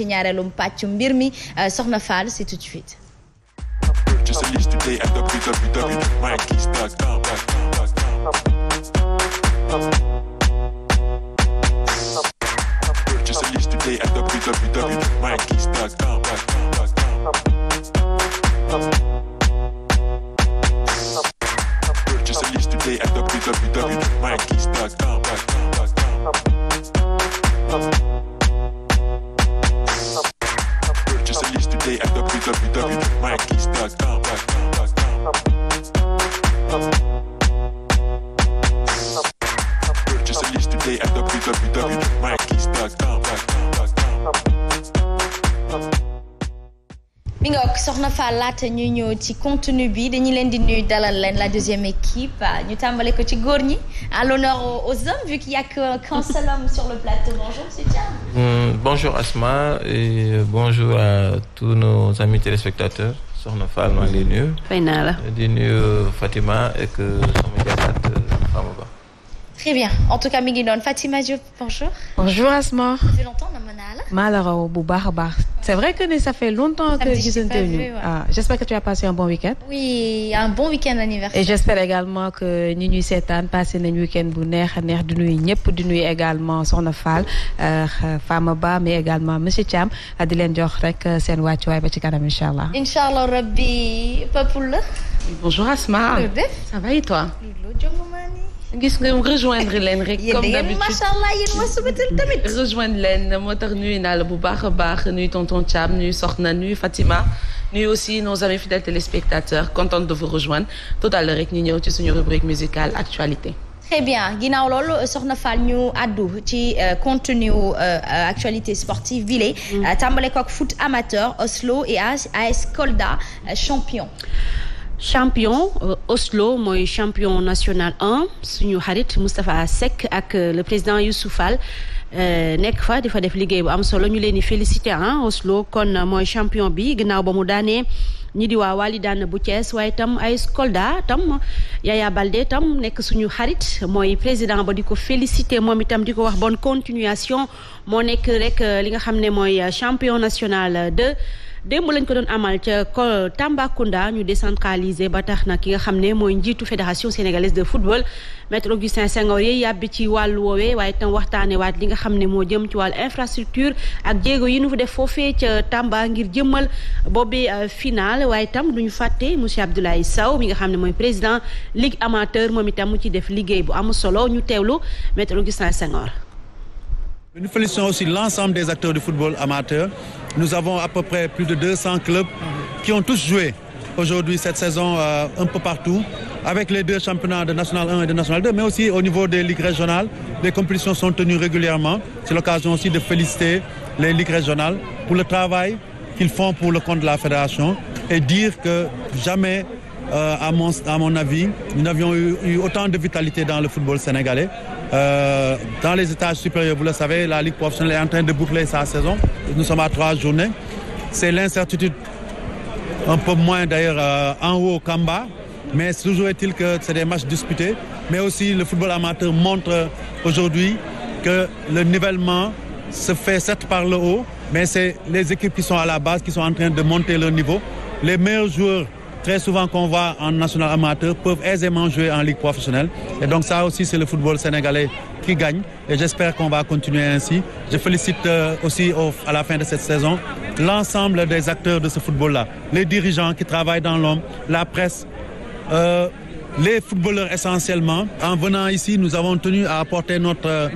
ci ñaareelum pàcc mbir mi soxna Fall c'est tout de suite. Purchase a leash today at www.mykeys.com. fois laata ñu ñëw ci contenu bi dañu leen di nuyu dalal leen la deuxième équipe ñu tàmbale ko ci góor ñi à l'honneur aux hommes vu qu'il y a qu'un seul homme sur le plateau bonjour monsieur Thiam. bonjour Asma et bonjour à tous nos amis téléspectateurs soxna Fall maa ngi lay nuyu. fay naa la di nuyu Fatima ak euh, sama jàkkaat euh, Fama Ba. très bien en tout cas mi ngi doon Fatima Diop bonjour. bonjour Asma. ça fait longtemps na ma naa la. maa la raw bu baax a baax. C'est vrai que ça fait longtemps ça que gisante ñu ouais. ah j'espère que tu as passé un bon week-end. oui j'espère que ñi ñuy seetaan passé nañ week-end bu neex a neex di nuyu ñëpp di nuyu également Soxna Fall euh, Fama Ba mais également monsieur Thiam di leen jox rek euh, seen wàccuwaay ba ci kanam incha allah. incha allah rabbi Papoula. bonjour Asma. ça va et toi. gis nga rejoindre leen rek. comme d'habitude macha allah yéen ma subatel tamit. rejoindre leen moo tax nuyu naa la bu baax a baax nuyu tonton Thiam nuyu Soxna nuyu Fatima nuyu aussi nos amis fidèles téléspectateurs contente de vous rejoindre tout à l'heure rek ñu ñëw ci suñu rubrique musicale actualité. très bien ginnaaw loolu soxna Fall ñu àddu ci euh, contenu euh, actualité sportive bile. Mm. Euh, tàmbale ko ak foot amateur Oslo et AS Kolda champion. champion euh, Oslo mooy champion national 1 suñu xarit Moustapha Seck ak euh, le président Youssouf Fall euh, nekk fa di def liggéey bu am solo ñu leen di féliciter ah Oslo kon mooy champion bi ginnaaw ba mu daanee ñi di waa Walidane bu Thiès waaye tam ay Skolda tam Yaya Balde tam nekk suñu xarit mooy président ba di ko féliciter moom itam di ko wax bonne continuation moo nekk rek li nga xam ne mooy champion national 2 démb lañ ko doon amal ca Tambacounda ñu décentralisé ba tax na ki nga xam ne mooy njiitu fédération sénégalaise de football maître Augustin Senghor yi yàbbi ci wàllu woowe waaye itam waxtaane waat li nga xam ne moo jëm ci wàllu infrastructure ak jéego yi ñu def foofee ca Tamba ngir jëmmal boobi euh, final waaye itam duñu fàtte monsieur Abdoulaye saw mi nga xam ne mooy président ligue amateur moom itam mu ci def liggéey bu amul solo ñu teewlu maître Augustin Senghor Nous félicitons aussi l'ensemble des acteurs du football amateur. Nous avons à peu près plus de 200 clubs qui ont tous joué aujourd'hui cette saison euh, un peu partout, avec les deux championnats de National 1 et de National 2, mais aussi au niveau des ligues régionales. Les compétitions sont tenues régulièrement. C'est l'occasion aussi de féliciter les ligues régionales pour le travail qu'ils font pour le compte de la fédération et dire que jamais euh, à, mon, à mon avis, nous n'avions eu, eu, autant de vitalité dans le football sénégalais. Euh, dans les étages supérieurs, vous le savez, la Ligue professionnelle est en train de boucler sa saison. Nous sommes à trois journées. C'est l'incertitude, un peu moins d'ailleurs euh, en haut qu'en bas. Mais toujours est-il que c'est des matchs disputés. Mais aussi, le football amateur montre aujourd'hui que le nivellement se fait certes par le haut, mais c'est les équipes qui sont à la base qui sont en train de monter leur niveau. Les meilleurs joueurs très souvent qu'on voit en national amateur peuvent aisément jouer en ligue professionnelle. Et donc ça aussi, c'est le football sénégalais qui gagne. Et j'espère qu'on va continuer ainsi. Je félicite euh, aussi au, à la fin de cette saison l'ensemble des acteurs de ce football-là. Les dirigeants qui travaillent dans l'homme, la presse. Euh, les footballeurs essentiellement. En venant ici, nous avons tenu à apporter notre euh,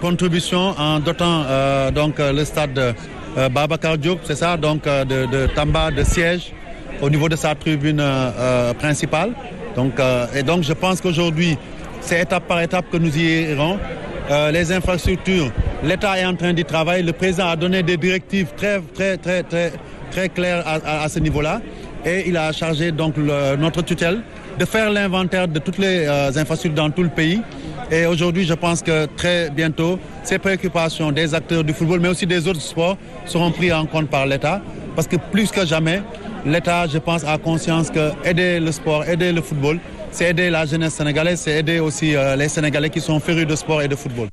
contribution en dotant euh, donc euh, le stade euh, Babacar Diop, c'est ça, donc de, de Tamba de siège au niveau de sa tribune euh, euh, principale. Donc, euh, et donc je pense qu'aujourd'hui, c'est étape par étape que nous y irons. les infrastructures, l'État est en train d'y travailler. Le président a donné des directives très, très, très, très, très claires à, à, à ce niveau-là. Et il a chargé donc le, notre tutelle de faire l'inventaire de toutes les euh, infrastructures dans tout le pays. Et aujourd'hui, je pense que très bientôt, ces préoccupations des acteurs du football, mais aussi des autres sports, seront prises en compte par l'État. Parce que plus que jamais, l'État, je pense, a conscience que aider le sport, aider le football, c'est aider la jeunesse sénégalaise, c'est aider aussi euh, les Sénégalais qui sont férus de sport et de football.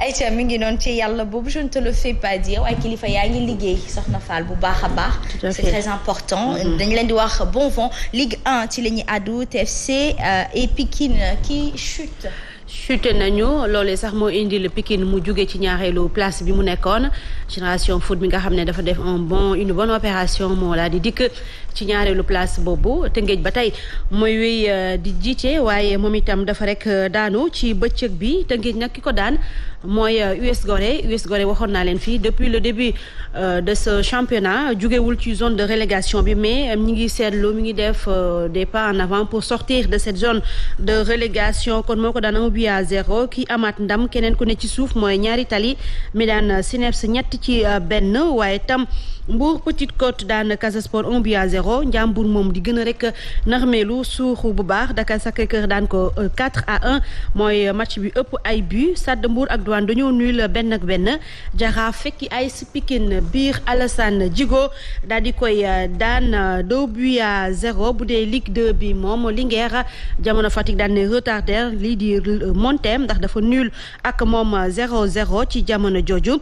Aïcha mi ngi doon ci yàlla boobu je ne te le fais pas dire waaye kilifa yaa ngi liggéey soxna Fall bu baax a baax. c'est très important. Mm-hmm. dañ leen di wax bon vent Ligue 1 ci la ñuy àddu TFC euh, et Pikine euh, qui chute. chute nañu loole sax moo indi le Pikine mu jugee ci ñaareelu place bi mu nekkoon génération foot bi nga xam ne dafa def un bon une bonne opération moo laa di dikk ci ñaareelu place boobu Tëngéej ba tey mooy wéy euh, di jiice waaye moom itam dafa rek euh, daanu ci bëccëg bi Tëngéej nag ki ko daan mooy US euh, gore US Gorée waxoon naa leen fii depuis le début de ce championnat jugewul ci zone de relégation bi mais ñi ngi seetlu mi ngi def des pas en avant pour sortir d cette zone de bi à zéro ki amaat ndam keneen ku ne ci suuf mooy ñaari tali mi daan CNEPS ñett ci euh, benn waaye tam Mbour Petite Côte daan Casa Sport un but à zéro Ndiambour moom di gën a rek naxmeelu suuxu bu baax Dakar Sacré-Cœur daan ko 4 euh, à 1 mooy match bi ëpp ay but Stade mbuur ak Douane dañoo nul benn ak benn Jaraaf fekki ay Pikine biir Alassane Djigo daal di koy euh, daan deux buts à zéro bu dee Ligue 2 bi moom Linguère jamono Fatick daan ne retarder lii di Euh, Montem ndax dafa nul ak moom 0-0 euh, ci jamono jooju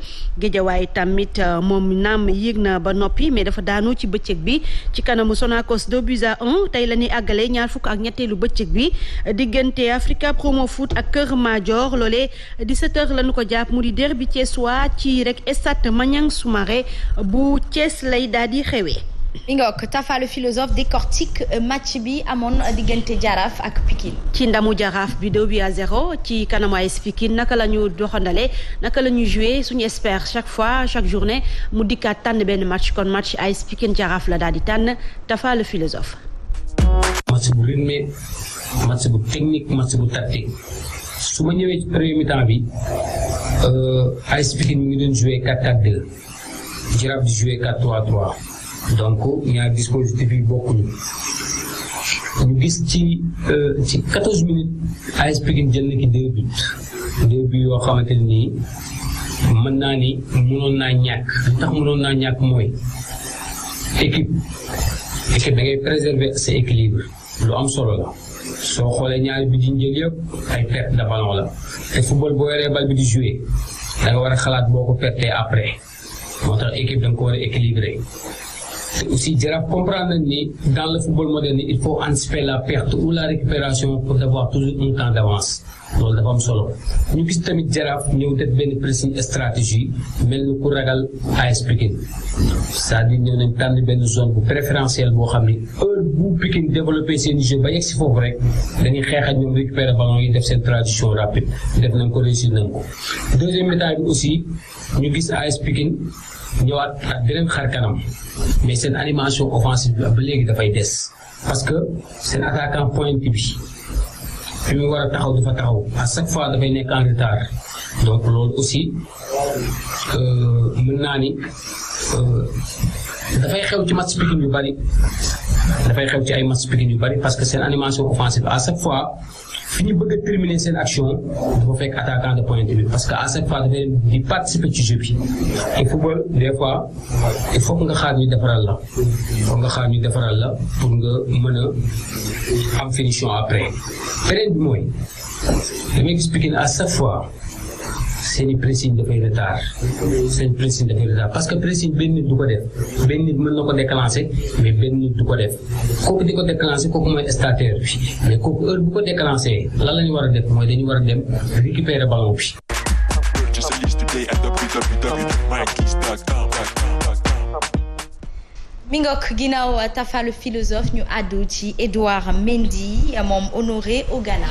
waaye tamit euh, moom naam yéeg na ba noppi mais dafa daanu ci bëccëg bi ci kanamu Sonacos 2 buts à tey la ñuy àggale ñaar fukk ak ñetteelu bëccëg bi diggante Africa Promo Foot ak Kër Madior loolee 17h la ñu ko jàpp mu di derbi Thiessois ci rek stade Maniang Soumaré bu Thiès lay daal di xewee. i nga wax Tafa le philosophe décortique euh, match bi amoon diggante jaraaf ak Pikine. ci ndamu jaraaf bi deux bi à zéro ci kanamu AS Pikine naka la ñu doxandalee naka la ñuy joué suñu espère chaque fois chaque journée mu dikkaat tànn benn match kon match AS Pikine jaraaf la daal di tànn Tafa le philosophe. match bu rythmé match bu technique match bu tactique bi euh, jaraaf di joué 4-3-3. donc ñaar dispositif yi bokkuñu ñu gis ci euh, ci quatorze minutes AS Pikine jël na ki deux buts deux buts yoo xamante nii mën naa ni mënoon naa ñàkk tax mënoon naa ñàkk mooy équipe équipe da ngay préserver sa équilibre lu am solo la soo xoolee ñaari bi di njël yëpp ay perte de la te football boo yoree bal bi di joué da war a xalaat boo ko pertee après moo tax équipe da nga ko war a équilibré aussi Jaraaf comprendre nañ ni dans le football moderne il faut anticiper la perte ou la récupération pour avoir toujours un temps d'avance loolu dafa am solo ñu gis tamit jaraaf ñëw def benn pressing stratégie mel ni ku ragal AS Pikine c'est-à-dire ñëw nañ tànn benn zone bu préférentielle boo xam ni heure bu Pikine développé seen jeu ba yegg si foofu rek dañuy xeex ak ñoom récupérer ballon yi def seen transition rapide def nañ ko réussir nañ ko deuxième méthode bi aussi ñu gis AS Pikine ñëwaat ak beneen xar kanam mais seen animation offensive bi ba léegi dafay des parce que seen attaquant pointe bi fi mu war a taxaw dafa taxaw à chaque fois dafay nekk en retard donc loolu aussi euh, mën naa ni euh, dafay xew ci match Pikine yu bari dafay xew ci ay match Pikine yu bari parce que seen animation offensive à chaque fois fi ñu bëgg a terminer seen action dafa fekk attaquant de pointe bi parce que à chaque fois dafay di participer ci jeu bi te football des fois il faut nga xaar ñu defaral la il faut nga xaar ñu defaral la pour nga mën a am finition après beneen bi mooy damay expliquer à chaque fois. seeni pressing dafay retard seen pressing dafay retard parce que pressing benn du ko def benn nit mën na ko déclencher mais benn du ko def kooku di ko déclencher kooku mooy starter bi mais kooku heure bu ko déclencher lan la ñu war a def mooy dañu war a dem récupérer ballon bi. mi ngook ginnaaw tafalu philosophe ñu àddu ci Edouard Mendy moom honoré au Ghana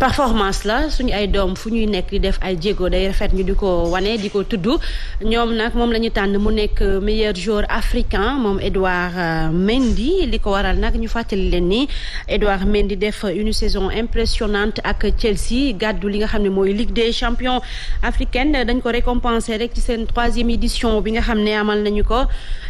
performance la suñu ay doom fu ñuy nekk di def ay jéego day rafet ñu di ko wane di ko tudd ñoom nag moom la ñu tànn mu nekk meilleur joueur africain moom Edouard euh, Mendy li ko waral nag ñu fàttali leen ni Edouard Mendy def une saison impressionnante ak Chelsea gàddu li nga xam ne mooy Ligue des champions africaine dañ ko récompenser rek ci seen troisième édition bi nga xam ne amal nañu ko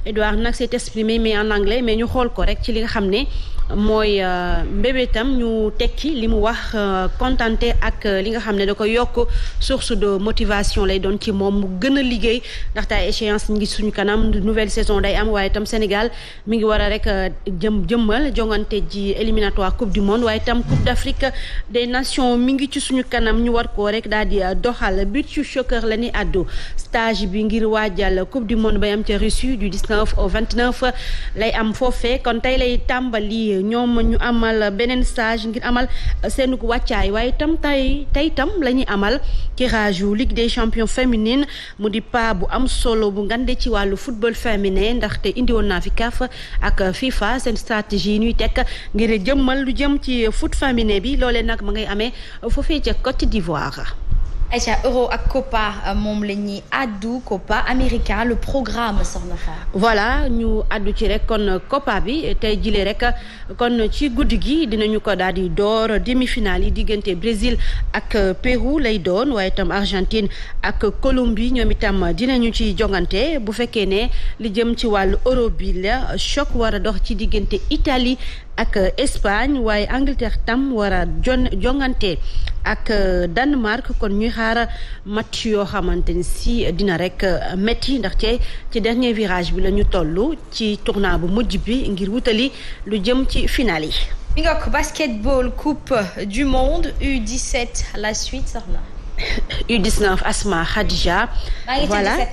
Edouard nag s'est exprimé mais en anglais mais ñu xool ko rek ci li nga xam ne mooy euh, mbébétam ñu tekki li mu wax euh, kontante ak euh, li nga xam ne da ko yokk source de motivation lay doon ci moom mu gën a liggéey ndaxte ay échéance ngi suñu kanam nouvelle saison day am waaye tam Sénégal mi ngi war a rek jëm jëmmal jongante ji éliminatoire coupe du monde waaye tam coupe d'Afrique des nations mi ngi ci suñu kanam ñu war koo rek daal di doxal but ci choqueur la ni àddu stage bi ngir waajal coupe du monde bay am ca Russie du 19 au 29 lay ñoom ñu amal beneen stage ngir amal seen wàccaay waaye itam tey tey itam la ñuy amal tirage yu Ligue des champions féminine mu di pas bu am solo bu ngande ci wàllu football féminin ndaxte indi woon naa fi kaf ak FIFA seen stratégie ñuy teg ngir jëmmal lu jëm ci foot féminin bi loolee nag ma ngay amee foofee ca Côte d'Ivoire. Aïcha euro ak COPPA euh, moom la ñuy addu COPPA américain le programme soxna fa voilà ñu àddu ci rek kon COPPA bi tey jilee rek kon ci guddi gi dinañu ko daal di door demi-finale yi diggante Brésil ak euh, Pérou lay doon waaye itam Argentine ak Colombie ñoom itam dinañu ci jongante bu fekkee ne li jëm ci wàllu euro bi la choc war a dox ci diggante Italie ak euh, Espagne waaye Angleterre tam war a jon jongante ak euh, Danemark kon ñuy xaar match yoo xamante ni si dina rek euh, métti ndax ci ci dernier virage bi la ñu ci tournant bu mujj bi ngir wutali lu jëm ci final yi. mi nga ko basketball coupe du monde u la suite sax na U19 Asma Khadija. voilà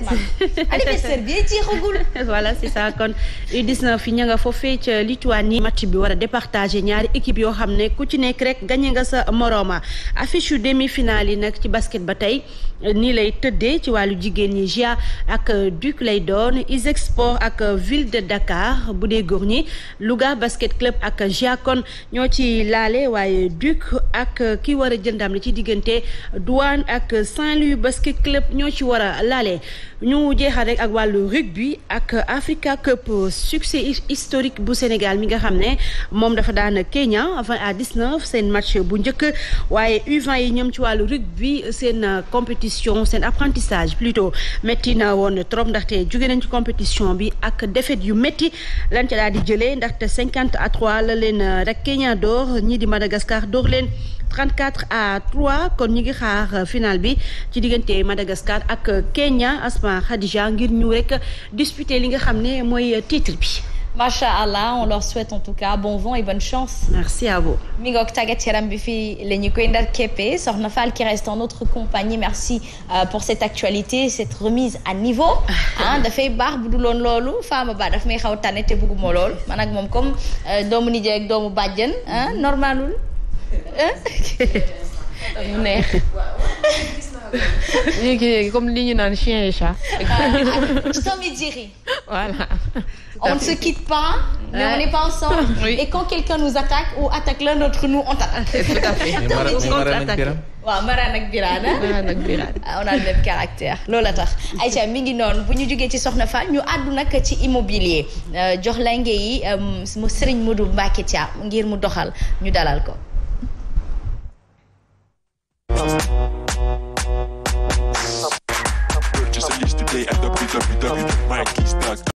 voilà c'est ça kon U19 yi ña nga foofee ca Lituanie match bi war a départager ñaari équipe yoo xam ne ku ci nekk rek gagné nga sa moroma affiche yu demi-finale yi nag ci basket ba tey nii lay tëddee ci wàllu jigéen ñi GIA ak Duc lay doon ISEG Sport ak Ville de Dakar bu dee góor ñi Louga basket club ak GIA kon ñoo ci laale waaye Duc ak ki war a jëndam li ci diggante Douane Douane ak Saint-Louis Basket Club ñoo ci war a laale ñu jeexal rek ak wàllu rugby ak Africa Cup succès historique bu Sénégal mi nga xam ne moom dafa daan Kenya avant à dix-neuf seen match bu njëkk waaye U20 yi ñoom ci wàllu rugby seen compétition seen apprentissage plutôt métti na woon trop ndaxte jóge nañ ci compétition bi ak défaite yu métti lañ ca daal di jëlee ndaxte cinquante à trois la leen rek Kenya door ñii di Madagascar door leen 34 à 3 kon ñu ngi xaar final bi ci diggante Madagascar ak Kenya Asma Khadija ngir ñu rek disputer li nga xam ne mooy titre bi. macha allah on leur souhaite en tout cas bon vent et bonne chance. merci à vous. mi ngi ko tàggat yaram bi fii la ñu koy ndar képpé Soxna Fall qui reste en notre compagnie merci euh, pour cette actualité cette remise à niveau. Ah, dafay baax bu du woon loolu Fama Ba daf may xaw a tànn te bëgguma lool man ak moom comme euh, doomu nijaay doomu bàjjen ah mu neex léegi-léegi comme li ñu naan chien et chat. Tom et Jerry. voilà. on ne se quitte pas. mais on n'est pas ensemble. Oui. et quand quelqu'un nous attaque ou attaque l'un d'entre nous on t'attaque. tout à waaw Marane ak Birane Marane ak Birane on a le même caractère loola tax Aïcha mi ngi noonu bu ñu jógee ci Soxna Fall ñu àddu nag ci immobilier euh, jox la ngeen yi euh, Serigne Modou Mbacké Thiam ngir mu doxal ñu dalal ko.